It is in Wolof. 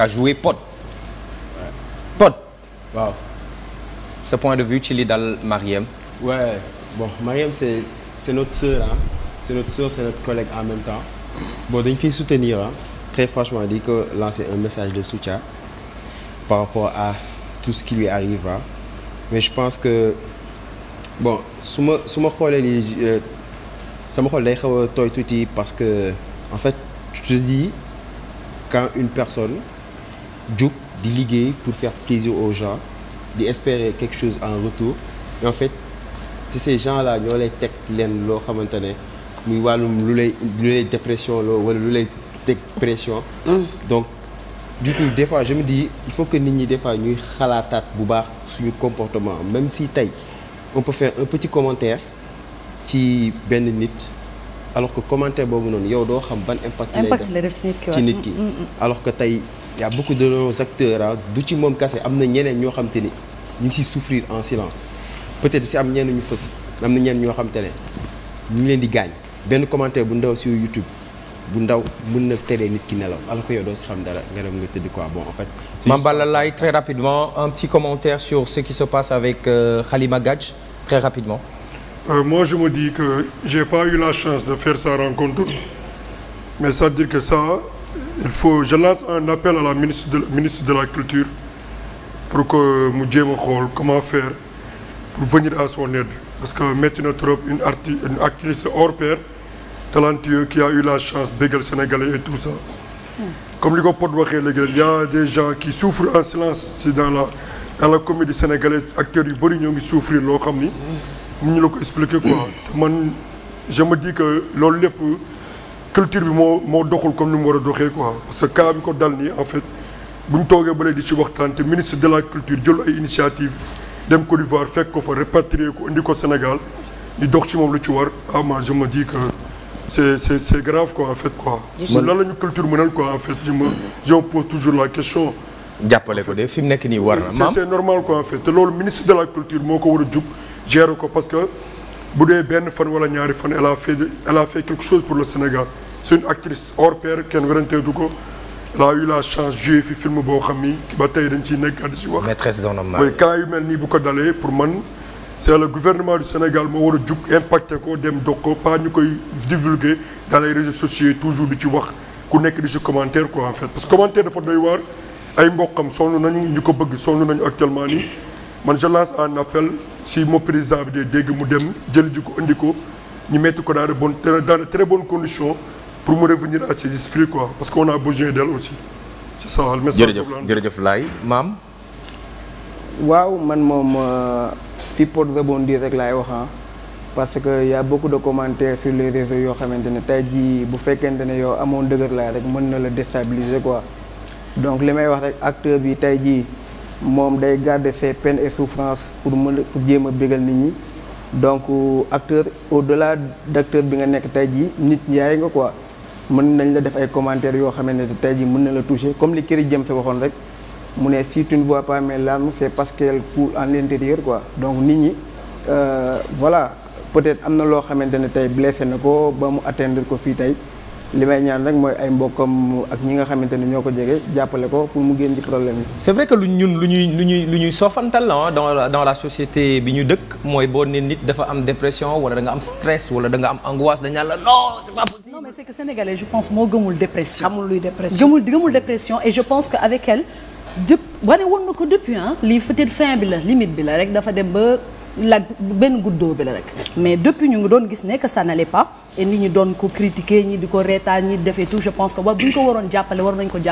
qu'a joué Pod. Pod. waaw. ce point de vue ci li dal Mariem. ouais bon Mariem c'est c'est notre sœur ah c'est notre sœur c'est notre collègue en même temps bon dañ koy soutenir ah franchement di ko lancé un message de soutien par rapport à tout ce qui lui arrive ah je pense que bon su ma su ma xoolee lii euh, sama xol day xaw a tooy tuuti parce que en fait tu te dis une personne. jub di liggéey pour faire plaisir aux gens di espérer quelque chose en retour en fait si ces gens la ñoo lay teg leen loo xamante ne muy wàllum lu lay lu lay dépression loo wala lu lay teg pression mm. donc du coup des fois je me dis il faut que nit ñi des fois ñuy xalaataat bu baax suñu comportement même si tey on peut faire un petit commentaire ci benn nit alors que commentaire boobu noonu yow doo xam ban impact. impact lay def ci nit ki ci nit ki. Mm, mm, mm. alors que tey y' a beaucoup de nos du ci moom kese am na ñeneen ñoo xam te ni ñu ngi siy en silence peut-être si am ñenn ñu fës am na ñenn ñoo xam ne ñu ngi leen di gaañ benn commentaire bu ndaw sur YouTube. bu ndaw mun na tere nit ki nelaw alors que yow doo si xam dara nga dem nga tëdd quoi bon en fait. Mame Balla Laye très rapidement un petit commentaire sur ce qui se passe avec euh, Halima Gadj rapidement. Euh, moi, je me dis que j'ai pas eu la chance de faire sa rencontre, mais ça veut dire que ça, il faut, je lance un appel à la ministre de, ministre de la Culture pour que mu jéem a xool comment faire pour venir à son aide parce que métti na trop une arti une actrice hors pair talentueux qui a eu la chance bégal sénégalais et tout ça. comme li ko Pod waxee léegi il y a des gens qui souffrent en silence ci dans la dans la comédie sénégalaise acteurs yu bëri ñoo ngi souffrir loo xam ni. ñu la ko expliquer quoi man je me dis que loolu lépp culture bi moo moo doxul comme ni mu war a doxee ko parce que cas ko dal nii en fait bu ñu toogee ba léegi di ci waxtaan te ministre de la culture jël ay initiative dem Côte d'Ivoire fekk ko fa répatrier ko indi ko Sénégal ñu dox ci moom lu ci war ah man di me dis que c'est c'est c'est grave quoi en fait quoi. lan la ñu culture mënal quoi en fait je me je me pose toujours la question. jàppale ko de fi mu nekk nii war na. maam c'est culture moo ko war a jug. gérer ko parce que bu dee benn fan wala ñaari fan elle a fait a fait quelque chose pour le Sénégal c'est une actrice hors pair kenn weranteetu ko elle a la chance joué fi film boo xam ni ba tey dañ ciy nekk di si wax. maîtresse d'un homme marié cas yu mel nii bu ko dalee pour man c'est le gouvernement du Sénégal moo war a jug impacté ko dem dog ko pas ñu koy divulguer dans les réseaux sociaux toujours di ci wax ku nekk di si commentaire ko en fait parce que commentaire dafa doy waar ay mboqam sonn nañu ñu ko bëgg sonn nañu actuellement nii man je lance un appel. si moom président bi dee dégg mu dem jël ji ko indi ko ñu mettre ko dans de bonnes dans de très bonnes conditions pour mu revenir à ses esprits quoi parce que on a besoin d'elle aussi c'est ça le message. jërëjëf jërëjëf Laye maam. waaw man moom euh, fi pour rebondir rek laay wax ah. parce que y a beaucoup de commentaires sur les réseaux yoo xamante ne tey jii bu fekkente ne yow amoon dëgër laay rek mën na la destabiliser quoi donc li may wax rek acteur bi tey jii. moom day garder ses peines et souffrances pour mën pour jéem a bégal nit ñi donc acteur au de la dacteur bi nga nekk tey jii nit yaay nga quoi mën nañ la def ay commentaires yoo xamante ne tey jii mun na la toucher comme li jëm James waxoon rek mu ne si tu ne vois pas mes larmes c' est parce qu' elles en l' intérieur quoi donc nit ñi euh, voilà peut-être am na loo xamante ne tey blessé na ko ba mu atteindre ko fii tey. li may ñaan rek mooy ay mbokkam ak ñi nga xamante ni ñoo ko jege jàppale ko pour mu génn ci problème bi. c'est vrai que lu ñun lu ñuy lu ñuy lu ñuy soofantal la ah, dans la la société bi ñu dëkk mooy boo ne nit dafa am dépression wala da nga am stress wala da nga am angoisse dañ naan la non c'est pas possible. non mais c'est que sénégalais je pense moo gëmul dépression. amul luy dépression gëmul gëmul dépression et je pense que avec elle. wane woon na ko depuis ah lii peut-être fin bi la limite bi la rek dafa dem ba la benn guddoo bi la rek mais depuis ñu ngi doon gis ne que ça n'allait pas et nit ñi doon ko critiquer ñi di ko reetaan ñi defee tout je pense que bu ñu ko waroon jàppale war nañ ko jàppale